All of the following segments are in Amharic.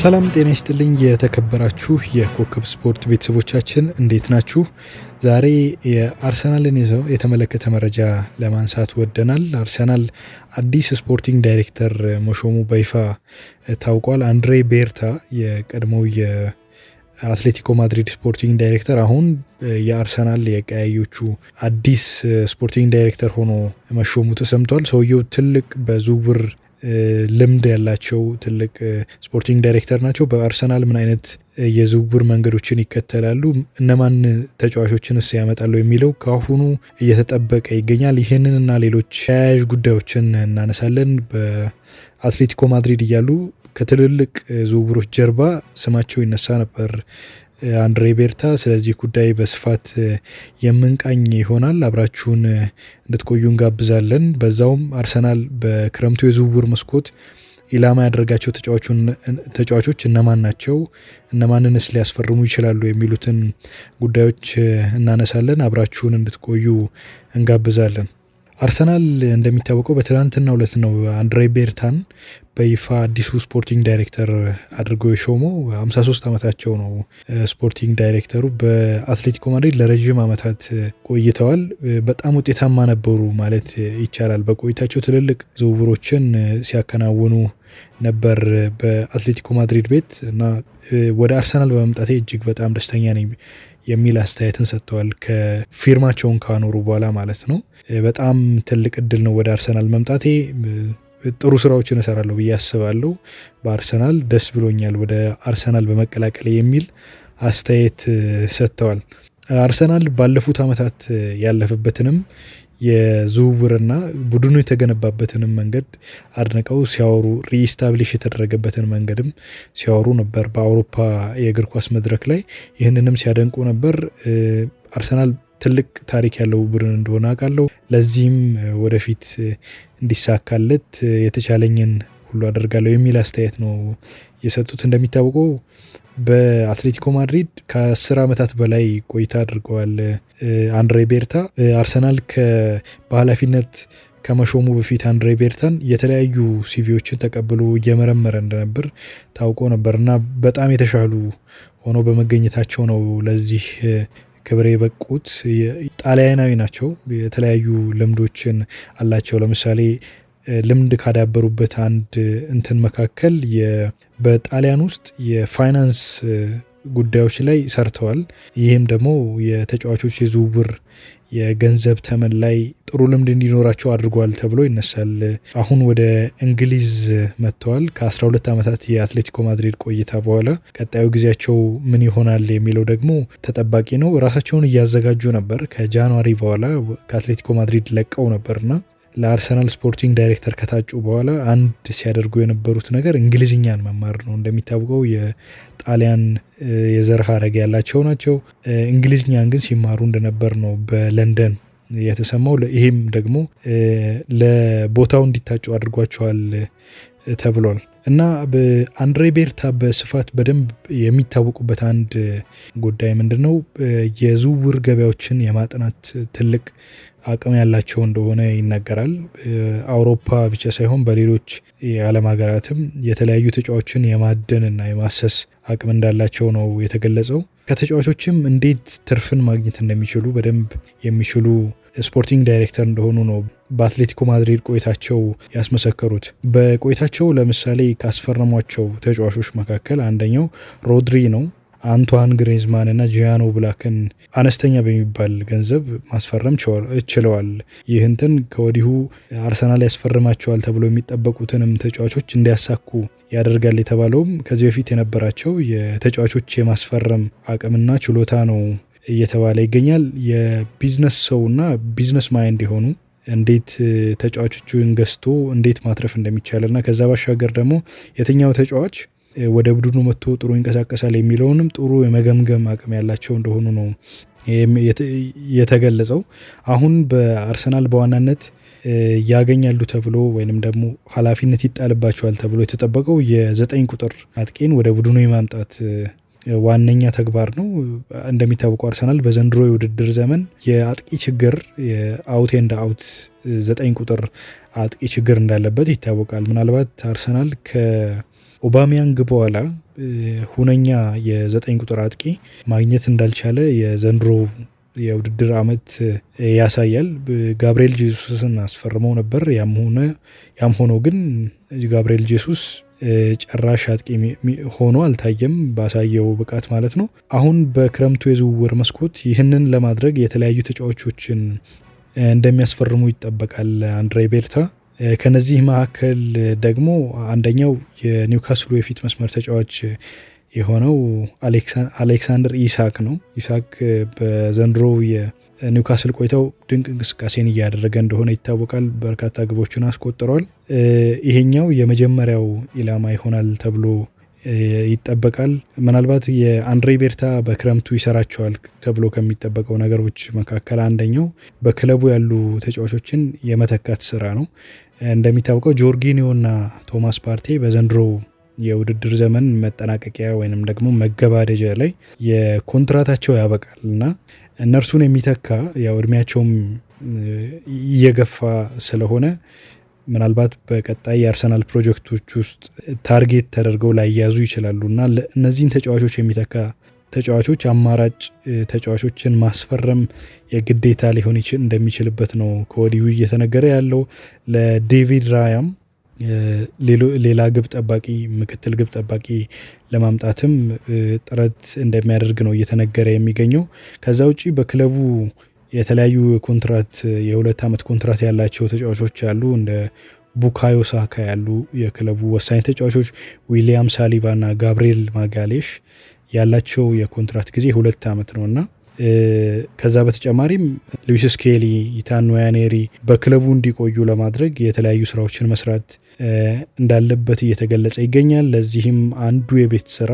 ሰላም ጤና ይስጥልኝ። የተከበራችሁ የኮከብ ስፖርት ቤተሰቦቻችን እንዴት ናችሁ? ዛሬ የአርሰናልን የተመለከተ መረጃ ለማንሳት ወደናል። አርሰናል አዲስ ስፖርቲንግ ዳይሬክተር መሾሙ በይፋ ታውቋል። አንድሬ ቤርታ የቀድሞው የአትሌቲኮ ማድሪድ ስፖርቲንግ ዳይሬክተር አሁን የአርሰናል የቀያዮቹ አዲስ ስፖርቲንግ ዳይሬክተር ሆኖ መሾሙ ተሰምቷል። ሰውየው ትልቅ በዝውውር ልምድ ያላቸው ትልቅ ስፖርቲንግ ዳይሬክተር ናቸው። በአርሰናል ምን አይነት የዝውውር መንገዶችን ይከተላሉ፣ እነማን ተጫዋቾችንስ ያመጣሉ የሚለው ከአሁኑ እየተጠበቀ ይገኛል። እና ሌሎች ተያያዥ ጉዳዮችን እናነሳለን። በአትሌቲኮ ማድሪድ እያሉ ከትልልቅ ዝውውሮች ጀርባ ስማቸው ይነሳ ነበር። አንድሬ ቤርታ ስለዚህ ጉዳይ በስፋት የምንቃኝ ይሆናል። አብራችሁን እንድትቆዩ እንጋብዛለን። በዛውም አርሰናል በክረምቱ የዝውውር መስኮት ኢላማ ያደረጋቸው ተጫዋቾች እነማን ናቸው? እነማንንስ ሊያስፈርሙ ይችላሉ? የሚሉትን ጉዳዮች እናነሳለን። አብራችሁን እንድትቆዩ እንጋብዛለን። አርሰናል እንደሚታወቀው በትላንትና ሁለት ነው አንድሬ ቤርታን በይፋ አዲሱ ስፖርቲንግ ዳይሬክተር አድርጎ የሾመው። 53 ዓመታቸው ነው ስፖርቲንግ ዳይሬክተሩ። በአትሌቲኮ ማድሪድ ለረዥም ዓመታት ቆይተዋል። በጣም ውጤታማ ነበሩ ማለት ይቻላል። በቆይታቸው ትልልቅ ዝውውሮችን ሲያከናውኑ ነበር በአትሌቲኮ ማድሪድ ቤት እና ወደ አርሰናል በመምጣቴ እጅግ በጣም ደስተኛ ነኝ። የሚል አስተያየትን ሰጥተዋል። ከፊርማቸውን ካኖሩ በኋላ ማለት ነው። በጣም ትልቅ እድል ነው ወደ አርሰናል መምጣቴ። ጥሩ ስራዎችን እሰራለሁ ብዬ አስባለሁ በአርሰናል ደስ ብሎኛል ወደ አርሰናል በመቀላቀል የሚል አስተያየት ሰጥተዋል። አርሰናል ባለፉት ዓመታት ያለፈበትንም የዝውውርና ቡድኑ የተገነባበትንም መንገድ አድንቀው ሲያወሩ ሪኢስታብሊሽ የተደረገበትን መንገድም ሲያወሩ ነበር። በአውሮፓ የእግር ኳስ መድረክ ላይ ይህንንም ሲያደንቁ ነበር። አርሰናል ትልቅ ታሪክ ያለው ቡድን እንደሆነ አውቃለሁ። ለዚህም ወደፊት እንዲሳካለት የተቻለኝን ሁሉ አደርጋለሁ የሚል አስተያየት ነው የሰጡት። እንደሚታወቀው በአትሌቲኮ ማድሪድ ከአስር ዓመታት በላይ ቆይታ አድርገዋል። አንድሬ ቤርታ አርሰናል በኃላፊነት ከመሾሙ በፊት አንድሬ ቤርታን የተለያዩ ሲቪዎችን ተቀብሎ እየመረመረ እንደነበር ታውቆ ነበር እና በጣም የተሻሉ ሆኖ በመገኘታቸው ነው ለዚህ ክብር የበቁት። ጣሊያናዊ ናቸው። የተለያዩ ልምዶችን አላቸው። ለምሳሌ ልምድ ካዳበሩበት አንድ እንትን መካከል በጣሊያን ውስጥ የፋይናንስ ጉዳዮች ላይ ሰርተዋል። ይህም ደግሞ የተጫዋቾች የዝውውር የገንዘብ ተመን ላይ ጥሩ ልምድ እንዲኖራቸው አድርጓል ተብሎ ይነሳል። አሁን ወደ እንግሊዝ መጥተዋል። ከ12 ዓመታት የአትሌቲኮ ማድሪድ ቆይታ በኋላ ቀጣዩ ጊዜያቸው ምን ይሆናል የሚለው ደግሞ ተጠባቂ ነው። ራሳቸውን እያዘጋጁ ነበር። ከጃንዋሪ በኋላ ከአትሌቲኮ ማድሪድ ለቀው ነበርና ለአርሰናል ስፖርቲንግ ዳይሬክተር ከታጩ በኋላ አንድ ሲያደርጉ የነበሩት ነገር እንግሊዝኛን መማር ነው። እንደሚታወቀው የጣሊያን የዘር ሀረግ ያላቸው ናቸው። እንግሊዝኛን ግን ሲማሩ እንደነበር ነው በለንደን የተሰማው። ይህም ደግሞ ለቦታው እንዲታጩ አድርጓቸዋል ተብሏል። እና አንድሬ ቤርታ በስፋት በደንብ የሚታወቁበት አንድ ጉዳይ ምንድን ነው? የዝውውር ገበያዎችን የማጥናት ትልቅ አቅም ያላቸው እንደሆነ ይነገራል። አውሮፓ ብቻ ሳይሆን በሌሎች የዓለም ሀገራትም የተለያዩ ተጫዋቾችን የማደንና የማሰስ አቅም እንዳላቸው ነው የተገለጸው። ከተጫዋቾችም እንዴት ትርፍን ማግኘት እንደሚችሉ በደንብ የሚችሉ ስፖርቲንግ ዳይሬክተር እንደሆኑ ነው በአትሌቲኮ ማድሪድ ቆይታቸው ያስመሰከሩት። በቆይታቸው ለምሳሌ ካስፈረሟቸው ተጫዋቾች መካከል አንደኛው ሮድሪ ነው። አንቷን ግሬዝማን እና ጂያኖ ብላክን አነስተኛ በሚባል ገንዘብ ማስፈረም ችለዋል። ይህ እንትን ከወዲሁ አርሰናል ያስፈርማቸዋል ተብሎ የሚጠበቁትንም ተጫዋቾች እንዲያሳኩ ያደርጋል የተባለውም ከዚህ በፊት የነበራቸው የተጫዋቾች የማስፈረም አቅምና ችሎታ ነው እየተባለ ይገኛል። የቢዝነስ ሰውና ቢዝነስ ማይንድ የሆኑ እንዴት ተጫዋቾቹን ገዝቶ እንዴት ማትረፍ እንደሚቻል እና ከዛ ባሻገር ደግሞ የትኛው ተጫዋች ወደ ቡድኑ መጥቶ ጥሩ ይንቀሳቀሳል የሚለውንም ጥሩ የመገምገም አቅም ያላቸው እንደሆኑ ነው የተገለጸው። አሁን በአርሰናል በዋናነት ያገኛሉ ተብሎ ወይንም ደግሞ ኃላፊነት ይጣልባቸዋል ተብሎ የተጠበቀው የዘጠኝ ቁጥር አጥቂን ወደ ቡድኑ የማምጣት ዋነኛ ተግባር ነው። እንደሚታወቀው አርሰናል በዘንድሮ የውድድር ዘመን የአጥቂ ችግር የአውት ኤንድ አውት ዘጠኝ ቁጥር አጥቂ ችግር እንዳለበት ይታወቃል። ምናልባት አርሰናል ከኦባሚያንግ በኋላ ሁነኛ የዘጠኝ ቁጥር አጥቂ ማግኘት እንዳልቻለ የዘንድሮ የውድድር አመት ያሳያል። ጋብርኤል ጄሱስን አስፈርመው ነበር። ያም ሆኖ ግን ጋብርኤል ጄሱስ ጨራሽ አጥቂ ሆኖ አልታየም፣ ባሳየው ብቃት ማለት ነው። አሁን በክረምቱ የዝውውር መስኮት ይህንን ለማድረግ የተለያዩ ተጫዋቾችን እንደሚያስፈርሙ ይጠበቃል አንድሬ ቤርታ። ከነዚህ መካከል ደግሞ አንደኛው የኒውካስሉ የፊት መስመር ተጫዋች የሆነው አሌክሳንደር ኢሳክ ነው። ኢሳክ በዘንድሮ የኒውካስል ቆይታው ድንቅ እንቅስቃሴን እያደረገ እንደሆነ ይታወቃል። በርካታ ግቦችን አስቆጥሯል። ይሄኛው የመጀመሪያው ኢላማ ይሆናል ተብሎ ይጠበቃል። ምናልባት የአንድሬ ቤርታ በክረምቱ ይሰራቸዋል ተብሎ ከሚጠበቀው ነገሮች መካከል አንደኛው በክለቡ ያሉ ተጫዋቾችን የመተካት ስራ ነው። እንደሚታወቀው ጆርጊኒዮ እና ቶማስ ፓርቴ በዘንድሮው የውድድር ዘመን መጠናቀቂያ ወይንም ደግሞ መገባደጃ ላይ የኮንትራታቸው ያበቃል እና እነርሱን የሚተካ ያው እድሜያቸውም እየገፋ ስለሆነ ምናልባት በቀጣይ የአርሰናል ፕሮጀክቶች ውስጥ ታርጌት ተደርገው ላይያዙ ይችላሉ እና እነዚህን ተጫዋቾች የሚተካ ተጫዋቾች አማራጭ ተጫዋቾችን ማስፈረም የግዴታ ሊሆን እንደሚችልበት ነው ከወዲሁ እየተነገረ ያለው። ለዴቪድ ራያም ሌላ ግብ ጠባቂ ምክትል ግብ ጠባቂ ለማምጣትም ጥረት እንደሚያደርግ ነው እየተነገረ የሚገኘው። ከዛ ውጪ በክለቡ የተለያዩ ኮንትራት የሁለት ዓመት ኮንትራት ያላቸው ተጫዋቾች አሉ እንደ ቡካዮ ሳካ ያሉ የክለቡ ወሳኝ ተጫዋቾች ዊሊያም ሳሊባ እና ጋብሪኤል ማጋሌሽ ያላቸው የኮንትራት ጊዜ ሁለት ዓመት ነው እና ከዛ በተጨማሪም ሉዊስ ስኬሊ፣ ኢታን ዋኔሪ በክለቡ እንዲቆዩ ለማድረግ የተለያዩ ስራዎችን መስራት እንዳለበት እየተገለጸ ይገኛል። ለዚህም አንዱ የቤት ስራ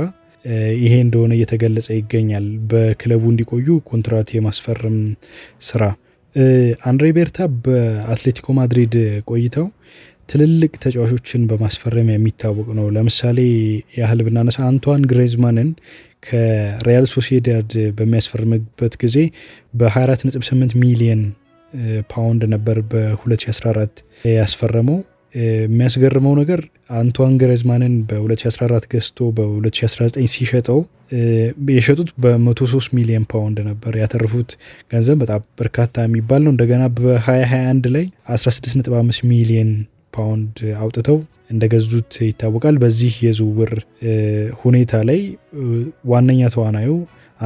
ይሄ እንደሆነ እየተገለጸ ይገኛል። በክለቡ እንዲቆዩ ኮንትራት የማስፈረም ስራ አንድሬ ቤርታ በአትሌቲኮ ማድሪድ ቆይተው ትልልቅ ተጫዋቾችን በማስፈረም የሚታወቅ ነው። ለምሳሌ ያህል ብናነሳ አንቷን ግሬዝማንን ከሪያል ሶሲዳድ በሚያስፈርምበት ጊዜ በ24.8 ሚሊየን ፓውንድ ነበር በ2014 ያስፈረመው። የሚያስገርመው ነገር አንቷን ግሬዝማንን በ2014 ገዝቶ በ2019 ሲሸጠው የሸጡት በ103 ሚሊዮን ፓውንድ ነበር። ያተረፉት ገንዘብ በጣም በርካታ የሚባል ነው። እንደገና በ2021 ላይ 16.5 ሚሊየን ፓውንድ አውጥተው እንደገዙት ይታወቃል። በዚህ የዝውውር ሁኔታ ላይ ዋነኛ ተዋናዩ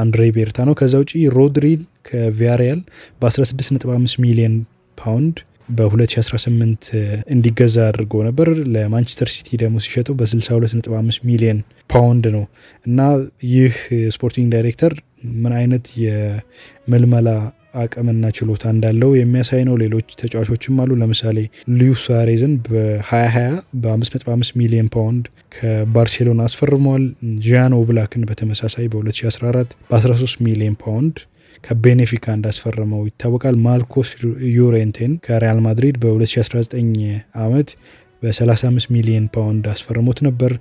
አንድሬ ቤርታ ነው። ከዛ ውጪ ሮድሪ ከቪያሪያል በ16.5 ሚሊዮን ፓውንድ በ2018 እንዲገዛ አድርጎ ነበር። ለማንቸስተር ሲቲ ደግሞ ሲሸጠው በ62.5 ሚሊዮን ፓውንድ ነው እና ይህ ስፖርቲንግ ዳይሬክተር ምን አይነት የምልመላ አቅምና ችሎታ እንዳለው የሚያሳይ ነው። ሌሎች ተጫዋቾችም አሉ። ለምሳሌ ሉዊስ ሱዋሬዝን በ2020 በ5.5 ሚሊዮን ፓውንድ ከባርሴሎና አስፈርመዋል። ዣን ኦብላክን በተመሳሳይ በ2014 በ13 ሚሊዮን ፓውንድ ከቤኔፊካ እንዳስፈረመው ይታወቃል። ማርኮስ ዩሬንቴን ከሪያል ማድሪድ በ2019 ዓመት በ35 ሚሊዮን ፓውንድ አስፈርሞት ነበር።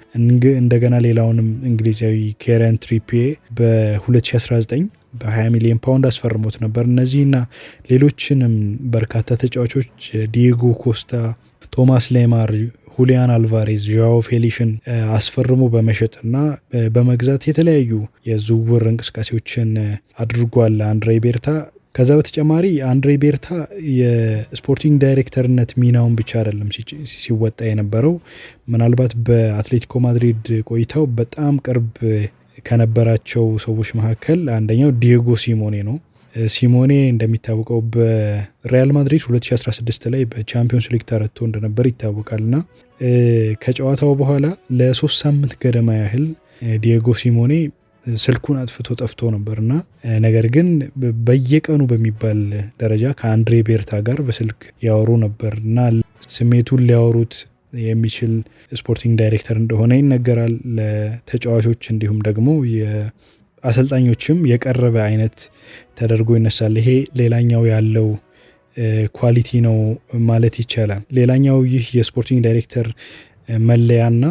እንደገና ሌላውንም እንግሊዛዊ ኬረን ትሪፒዬ በ2019 በ20 ሚሊዮን ፓውንድ አስፈርሞት ነበር። እነዚህና ሌሎችንም በርካታ ተጫዋቾች ዲየጎ ኮስታ፣ ቶማስ ሌማር፣ ሁሊያን አልቫሬዝ፣ ዣዋ ፌሊሽን አስፈርሞ በመሸጥና በመግዛት የተለያዩ የዝውውር እንቅስቃሴዎችን አድርጓል አንድሬ ቤርታ። ከዛ በተጨማሪ አንድሬ ቤርታ የስፖርቲንግ ዳይሬክተርነት ሚናውን ብቻ አይደለም ሲወጣ የነበረው። ምናልባት በአትሌቲኮ ማድሪድ ቆይታው በጣም ቅርብ ከነበራቸው ሰዎች መካከል አንደኛው ዲየጎ ሲሞኔ ነው። ሲሞኔ እንደሚታወቀው በሪያል ማድሪድ 2016 ላይ በቻምፒዮንስ ሊግ ተረቶ እንደነበር ይታወቃል እና ከጨዋታው በኋላ ለሶስት ሳምንት ገደማ ያህል ዲየጎ ሲሞኔ ስልኩን አጥፍቶ ጠፍቶ ነበር እና ነገር ግን በየቀኑ በሚባል ደረጃ ከአንድሬ ቤርታ ጋር በስልክ ያወሩ ነበር እና ስሜቱን ሊያወሩት የሚችል ስፖርቲንግ ዳይሬክተር እንደሆነ ይነገራል። ለተጫዋቾች እንዲሁም ደግሞ አሰልጣኞችም የቀረበ አይነት ተደርጎ ይነሳል። ይሄ ሌላኛው ያለው ኳሊቲ ነው ማለት ይቻላል። ሌላኛው ይህ የስፖርቲንግ ዳይሬክተር መለያና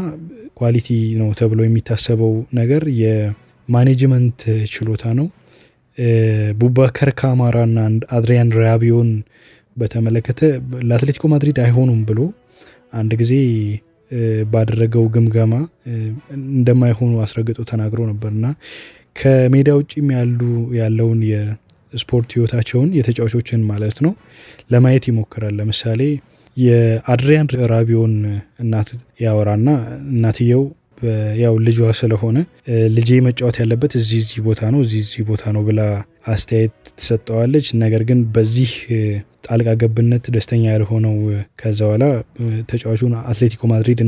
ኳሊቲ ነው ተብሎ የሚታሰበው ነገር የማኔጅመንት ችሎታ ነው። ቡባከር ካማራና አድሪያን ራቢዮን በተመለከተ ለአትሌቲኮ ማድሪድ አይሆኑም ብሎ አንድ ጊዜ ባደረገው ግምገማ እንደማይሆኑ አስረግጦ ተናግሮ ነበር እና ከሜዳ ውጭም ያሉ ያለውን የስፖርት ህይወታቸውን የተጫዋቾችን ማለት ነው ለማየት ይሞክራል። ለምሳሌ የአድሪያን ራቢዮን እናት ያወራና እናትየው ያው ልጇ ስለሆነ ልጄ መጫወት ያለበት እዚህ እዚህ ቦታ ነው እዚህ እዚህ ቦታ ነው ብላ አስተያየት ትሰጠዋለች። ነገር ግን በዚህ ጣልቃ ገብነት ደስተኛ ያልሆነው ከዛ በኋላ ተጫዋቹን አትሌቲኮ ማድሪድ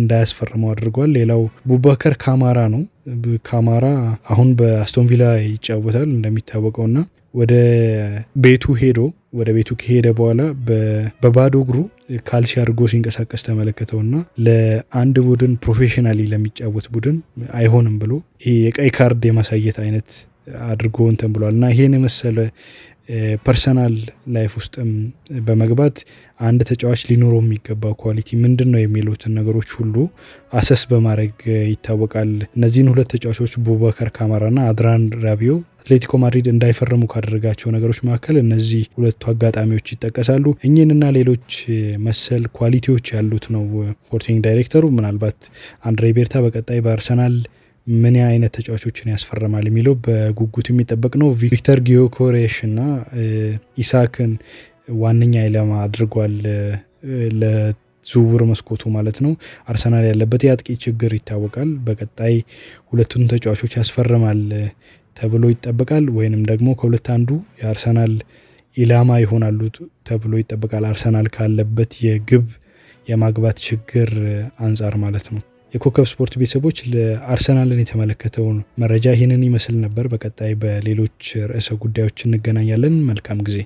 እንዳያስፈርመው አድርጓል። ሌላው ቡባከር ካማራ ነው። ካማራ አሁን በአስቶንቪላ ይጫወታል እንደሚታወቀው እና ወደ ቤቱ ሄዶ ወደ ቤቱ ከሄደ በኋላ በባዶ እግሩ ካልሲ አድርጎ ሲንቀሳቀስ እና ለአንድ ቡድን ፕሮፌሽናሊ ለሚጫወት ቡድን አይሆንም ብሎ ይሄ የቀይ ካርድ የማሳየት አይነት አድርጎ እንትን ብሏል እና ይሄን የመሰለ ፐርሰናል ላይፍ ውስጥም በመግባት አንድ ተጫዋች ሊኖረው የሚገባው ኳሊቲ ምንድን ነው የሚሉትን ነገሮች ሁሉ አሰስ በማድረግ ይታወቃል። እነዚህን ሁለት ተጫዋቾች ቡበከር ካማራና አድራን ራቢዮ አትሌቲኮ ማድሪድ እንዳይፈርሙ ካደረጋቸው ነገሮች መካከል እነዚህ ሁለቱ አጋጣሚዎች ይጠቀሳሉ። እኚህንና ሌሎች መሰል ኳሊቲዎች ያሉት ነው ስፖርቲንግ ዳይሬክተሩ። ምናልባት አንድሬ ቤርታ በቀጣይ በአርሰናል ምን አይነት ተጫዋቾችን ያስፈርማል የሚለው በጉጉት የሚጠበቅ ነው። ቪክተር ጊዮኮሬሽ እና ኢሳክን ዋነኛ ኢላማ አድርጓል ለዝውውር መስኮቱ ማለት ነው። አርሰናል ያለበት የአጥቂ ችግር ይታወቃል። በቀጣይ ሁለቱን ተጫዋቾች ያስፈርማል ተብሎ ይጠበቃል። ወይንም ደግሞ ከሁለት አንዱ የአርሰናል ኢላማ ይሆናሉ ተብሎ ይጠበቃል። አርሰናል ካለበት የግብ የማግባት ችግር አንጻር ማለት ነው። የኮከብ ስፖርት ቤተሰቦች ለአርሰናልን የተመለከተውን መረጃ ይህንን ይመስል ነበር። በቀጣይ በሌሎች ርዕሰ ጉዳዮች እንገናኛለን። መልካም ጊዜ